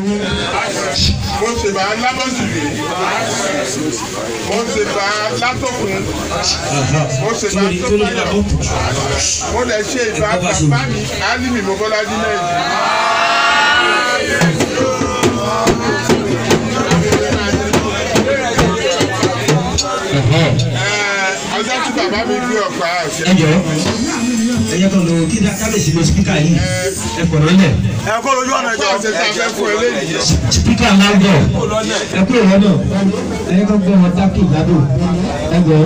mo ṣe bá lábọ́sìlè mo ṣe bá látọ̀kùn mo ṣe bá tọ́páyà mo lè ṣe ìbá bàbá mi álímì mo bọ́lá ní nàìjíríà. ọjọ́ tí bàbá mi gbé ọ̀pá àṣẹ ẹ̀yẹ kan lọ kí dá kábíyèsí lọ sípíkà yìí ẹ kọ̀ lọ́lẹ̀. ẹ kó lójú ọ̀nà ìjọba ṣe ká fẹ́ fún eléyìí. sípíkà máa ń gbọ́ ẹ kú ìwọ náà ẹ̀yẹ kan gbọ́ wọn tákì ìdádò ẹ gbọ́.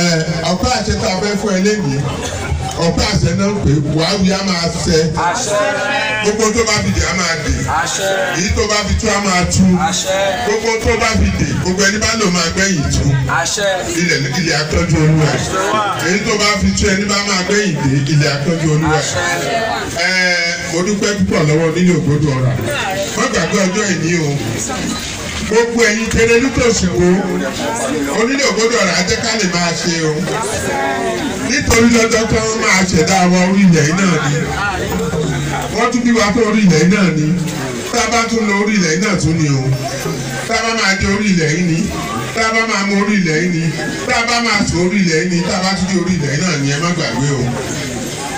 ẹ ọkọ àti tá a fẹ́ fún eléyìí ọ̀pá àṣẹ náà ń pè buhari a máa ṣẹ gbogbo tó bá fi dè a máa dè èyí tó bá fi tú a máa tú gbogbo tó bá fi dè gbogbo ẹni bá lò máa gbẹ̀yìn tú ilẹ̀ ilẹ̀ akọ́jú olúwa èyí tó bá fi tú ẹni bá máa gbẹ̀yìn dè ilẹ̀ akọ́jú olúwa ẹ̀ẹ́ mo dúpẹ́ púpọ̀ lọ́wọ́ nínú ògbódò ọ̀rà wọ́n gbàgbé ọjọ́ ìní o gbogbo ẹ̀yin tẹ̀lé nítòsí wo onílé ògbódò rà jẹ́ ká lè máa ṣe o nítorí lọ́jọ́ tí wọ́n máa ṣẹ̀dá wa orí ilẹ̀ yìí náà ni wọ́n tún bí wa tó orí ilẹ̀ yìí náà ni tá a bá tún lọ orí ilẹ̀ yìí náà tún ni o tá a bá máa jẹ orí ilẹ̀ yìí ni tá a bá máa mọ orí ilẹ̀ yìí ni tá a bá máa sọ orí ilẹ̀ yìí ni tá a bá tún dé orí ilẹ̀ yìí náà ni ẹ má gbàgbé o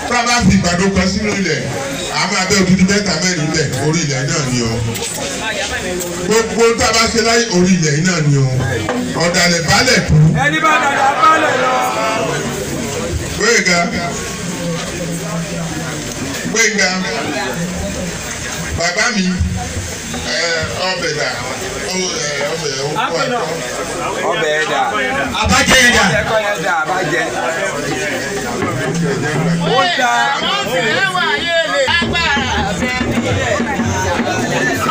tá a fi ìgbàdo kan sínú ilẹ̀ a máa bẹ́ òdúdú mẹ́ta mẹ́rin lẹ̀ orí ilẹ̀ náà ni o gbogbo tá ṣe láyé orí ilẹ̀ náà ni o ọ̀dàlẹ̀ balẹ̀ kú. ẹni bá dàda balẹ̀ lọ. gbẹ̀ngà gbẹ̀ngà bàbá mi ọbẹ̀ dà ọbẹ̀ ọkọ ẹ̀kọ́. ọbẹ̀ ẹ̀dà. abajẹ́ ẹ̀dà. ọbẹ̀ ẹ̀dà abajẹ́ ó da ẹwà yé lè agbára bẹ́ẹ̀ nílẹ̀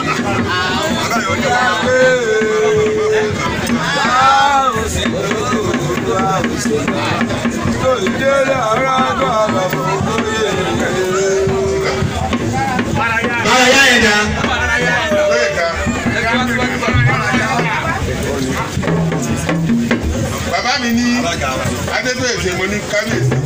àwọn ọ̀gá pé àwòsí olóòtú àwòsí olùdé làárọ̀ àgbà bàbá olóyè kékeré. Bárayá ẹ̀dá. Bárayá ẹ̀dá. Bàbá mi ní Adébẹ̀ẹ́sẹ̀ mo ní kábíyèsí.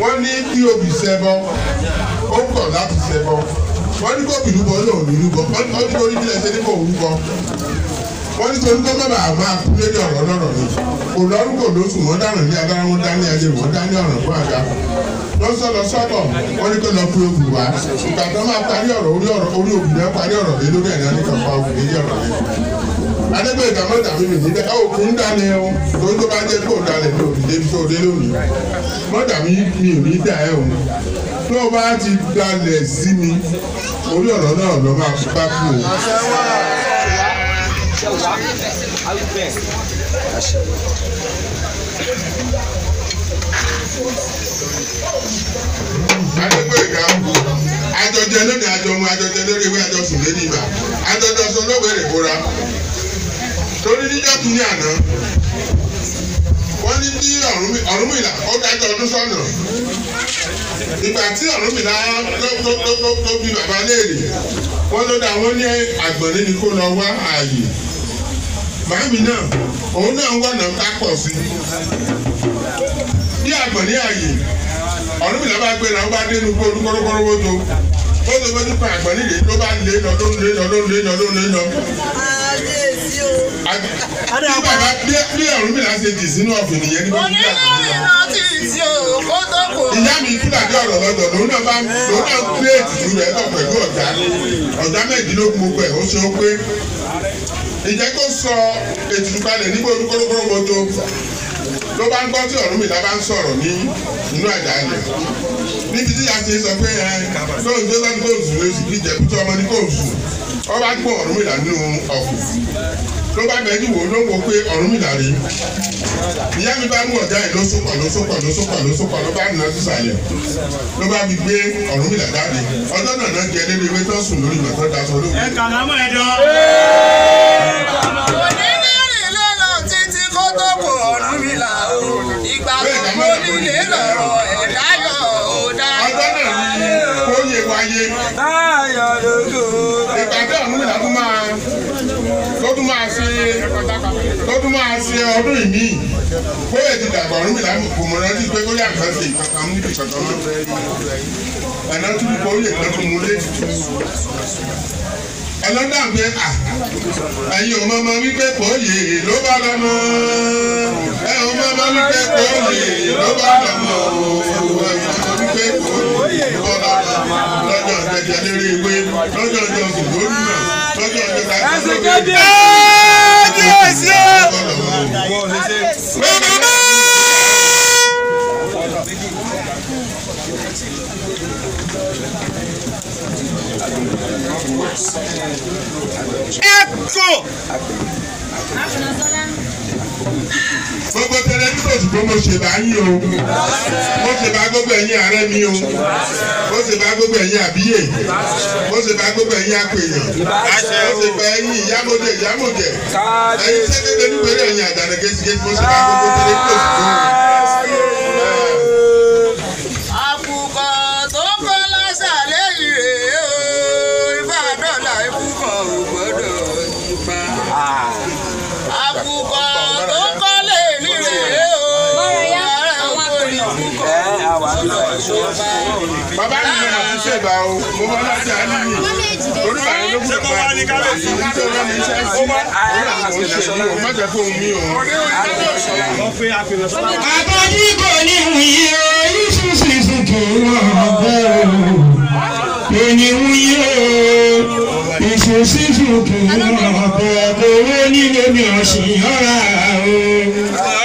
wọ́n ní kí obì ṣẹbọ ó kọ̀ láti ṣẹbọ wọ́n ní kó bìlú bọ́ lòun ní rúbọ wọ́n ní kó níbi ẹsẹ̀ ní kò rúbọ wọ́n ní torí kó má bàa máa kú lórí ọ̀rọ̀ lọ́rọ̀ ni kò lọ́rùn kò lóṣù wọ́n dànù ní agbára wọn dání ayé wọn dání ọ̀ràn fún àga lọ́sọ̀ lọ sọ́tọ̀ wọ́n ní kó lọ pé obì wá ìgbà tó máa parí ọ̀rọ̀ orí òbí náà parí ọ̀rọ̀ lé lórí ẹ̀ náà ní kàfà obì méjì ọ̀rọ̀ lé adébẹ̀ ìdààmú tàbí mi níbẹ̀ ẹ ò kún dání o lórí tó bá jẹ́ kó dalẹ̀ tó fi tó dé lónìí mọ́tà mi mi ò ní dà ẹ́ o tó o bá ti dalẹ̀ sí mi orí ọ̀rọ̀ náà lọ́ máa fi bá kú o. adébẹ̀ ìdààmú àjọjẹ lónìí àjọmọ àjọjẹ. torí níjọ́ kìíní àná wọ́n ní bí Ọ̀rúnmìlà ó dájọ́ ọdún sọ́nà ìgbà tí Ọ̀rúnmìlà ló bí bàbá léèrè wọ́n ló dá wọ́n ní àgbọ̀nrín ni kó lọ wá ààyè màámi náà òun náà ń wọ̀nà ká pọ̀ sí bí àgbọ̀nrín ààyè Ọ̀rúnmìlà bá gbéra ó bá dé inú gbó olúkọ́rọ́kọ́rọ́ wọ́n tó ó lè wọ́n nípa àgbọ̀nrín rèé ló bá lé lọ ló ń lé lọ ló ń lé lọ ló ń lé lọ bí ọ̀rùn mi láti jì sínú ọ̀fìn nìyẹn ní gbogbo ìgbà tó ń ìyá mi fúlàdé ọ̀rọ̀ lọ́dọ̀ lòun náà bá lòun náà kírètì ju rẹ̀ náà pẹ̀lú ọ̀dà ọ̀dà mẹ́ẹ̀ẹ́dínlógún gbogbo ẹ̀ ó ṣe ó pé ìjẹ́ kó sọ ètùtù kalẹ̀ nígbà olúkúlùkù mọ́tò ló bá ń gbọ́ tí ọ̀rùn mi lábá ń sọ̀rọ̀ ní inú àjà rẹ̀ níbi tí a ti sọ pé ẹ lóun tó lọ́dún kóòsù lóṣù kí ìjẹ́kú tó ọmọ ní kóòsù ọba gbọ́ ló bá bẹ̀jú wò ló wò pé Ọ̀rúnmìlà rí ìyá mi bá mú ọ̀gá ẹ̀ ló sópa ló sópa ló bá nà sísàlẹ̀ ló bá fi gbé Ọ̀rúnmìlà jáde ọjọ́ náà náà jẹ lébi ewé tó sùn lórí ìgbàtọ́ da sọ lóògùn. ẹ kàná mọ́ ẹ dán. onílé rìn lọ́nà títí kó tó kó Ọ̀rúnmìlà o ìgbà tó nílé lọ́rọ̀ ẹ̀dáyọ̀ dáyọ̀. ọjọ́ náà ni dáyọ̀ lógo. tó tún máa ṣe ọdún ìmí bóyá ti dàgbà ọdún mìíràn kò mọ̀ rántí pé bóyá kan ṣe ìkankan níbi kankan mọ́ ẹ̀nà tún kọ́ ó lè kán tún mú lé ọlọ́dà pé à ẹ̀yin ò mọ̀mọ́ wípé kò yè ló bá lọ́mọ ẹ̀ ò mọ̀mọ́ wípé kò yè ló bá lọ́mọ ò lọ́jọ́ ìjẹ́jẹ́ lérí ewé lọ́jọ́ ìjọ sùgbónú lọ́jọ́ ìjọ sàkóso. What was it? Echo! gbogbo tẹlifíṣàn tó mo ṣèbá yín o mo ṣèbá gbogbo ẹ̀yin ààrẹ mi o mo ṣèbá gbogbo ẹ̀yin àbíyè mo ṣèbá gbogbo ẹ̀yin apèèyàn mo ṣèbá ẹ̀yin ìyámọ̀dé ìyámọ̀dé ẹ̀yin sẹ́kẹ̀tẹ̀ nígbèrè ẹ̀yin àdàrẹ̀ gẹ́sìgẹ́sì mo ṣèbá gbogbo tẹlifíṣàn tó. bàbá mi ló máa ń ṣèbà o mo bá láti àlìyé onígbà yẹn ló kúrò pa àlìyé nítorí wọn ní iṣẹ́ sí wọn àwọn òṣèlú o má jẹ́ fóun mi o. bàbá mi kò ní wuyì o yíṣu ṣìṣù kì í wọ́n bẹ́ẹ̀ o kò ní wuyì ìṣe ṣíṣù kì í wọ́n bẹ́ẹ̀ owó nílé mi ò sì yọra o.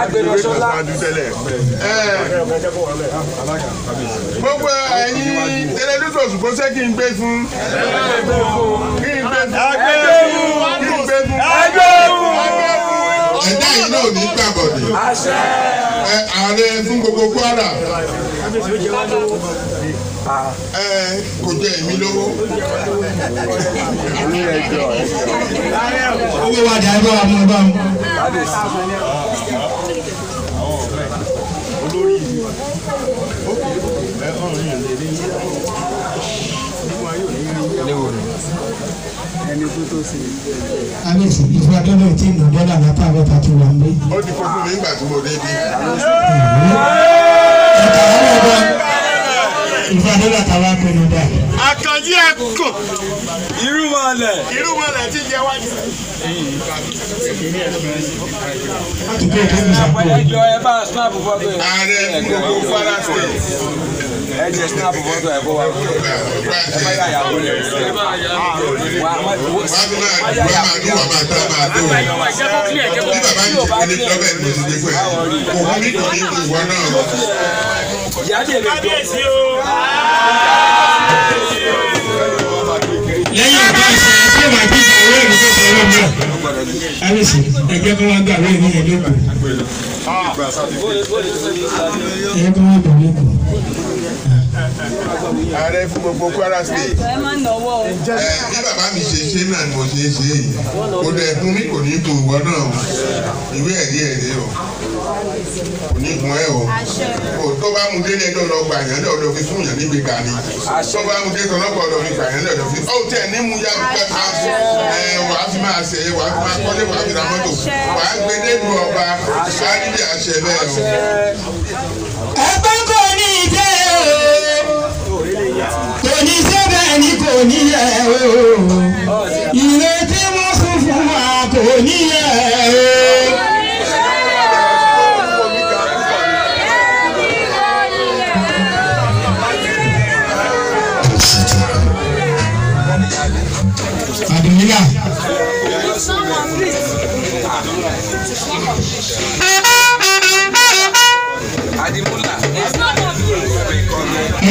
agbẹnusọlá gbogbo ẹ̀yin tẹlifíṣọ ṣùgbọ́n ṣé kí n gbé fún kí n ẹ̀dá yìí náà ní gbàgbọ́dé ààrẹ fún gbogbo Kwara ẹ kò jẹ èmi lówó. owó wa dàrú bá wa mú bá mu. olórí ìlú ẹ ọ̀run yẹn lè rí kábíyèsí ìfura tọ́lọ̀ tí ìlú bọ́dà látà àbẹ́ta ti wà nílé. ó ti kọ́ fún mi nígbà tí mo dé bí. ìfẹ́ adébàtà wà pẹ̀lú dáa. àkànjí ẹkùn. irúmọlẹ̀. irúmọlẹ̀ ti jẹ wájú. àpẹẹjọ ẹ bá snap fọtò ẹ. ààrẹ gbogbo Kwara state. ẹ jẹ snap fọtò ẹ kó wa ẹ bá yà yà wọlé wa ma wo yà yà wọlé wa. àgbàyọ̀wọ̀ ìjẹ́kọ̀ kílẹ̀ ìjẹ́kọ̀ kílẹ̀ ìjẹ́kọ̀ kílẹ̀ ìjẹ́kọ̀ kílẹ̀. Yàdé lè tó lẹ́yìn ọ̀gá ọ̀sẹ̀ ẹgbẹ́ máa bí ìgbàwé ẹ̀rí tó sọ ọ́ mọ́ alẹ́sì ẹgbẹ́ tó wá gbà wẹ́ ní ẹ̀dẹ́ kù ẹgbẹ́ tó wá gbà wẹ́ ààrẹ fún gbogbo Kwara State ẹ bí bàbá mi ṣe ṣe náà ni mo ṣe ṣe yìí kò dẹ̀ fún mi kò ní kò wọ́n náà ìwé ẹ̀rí ẹ̀rí o kò ní kun ẹ̀ o kò bá mu délé ẹjọ́ lọ gbà yàn lọ́dọ̀ fi fún yàn níbi gbà ni tó bá mu dé tọ́lọ́ gbà lọ́dọ̀ fi gbà yàn lọ́dọ̀ fi ọ̀ tẹ̀ ní mu yá pẹ́ ká ẹ wàá fi máa ṣe wàá fi máa kọ́lé wàá fi ra mọ́tò wàá gbé délu ọba sáré bí àṣẹ bẹ́ẹ̀ o. ẹ̀kọ́ kò ní ìjẹ́ o kò ní ṣe bẹ́ẹ̀ ni kò ní yẹ o ìrètí mo sùn fún wa kò ní yẹ o.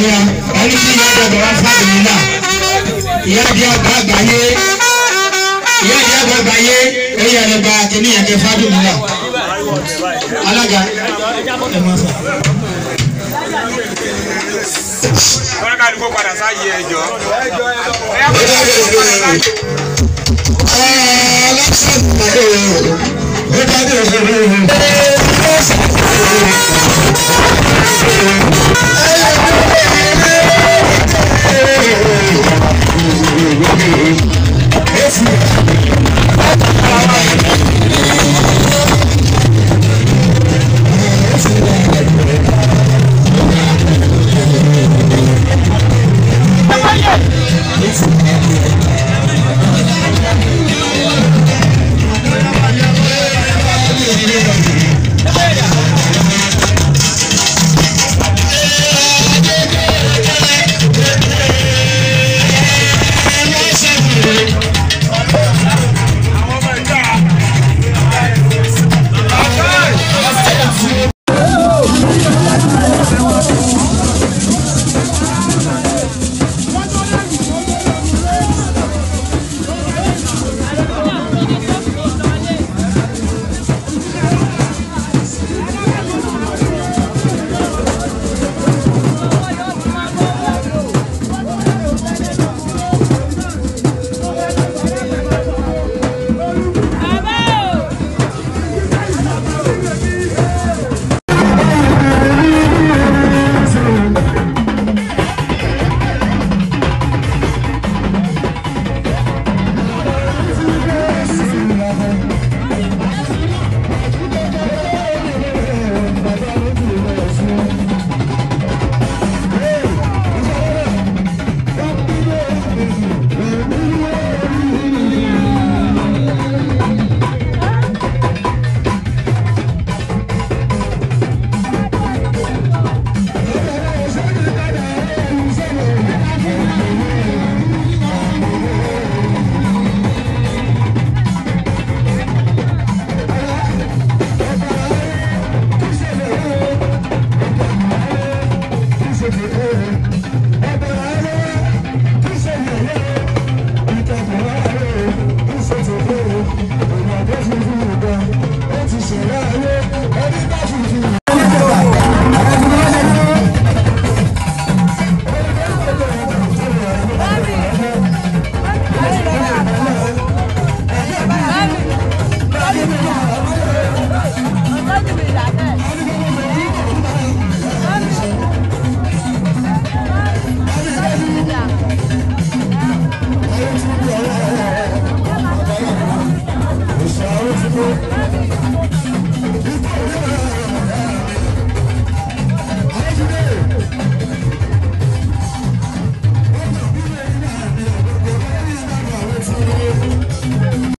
àníyá ẹni tí ìyá gbọdọ̀ wá fàdé nílà ìyá di ọba àgbáyé ìyá di ọba àgbáyé èyí ẹni gba kìnìyàn kẹ fàdé nílà alága ẹ máa fà. wọ́n ká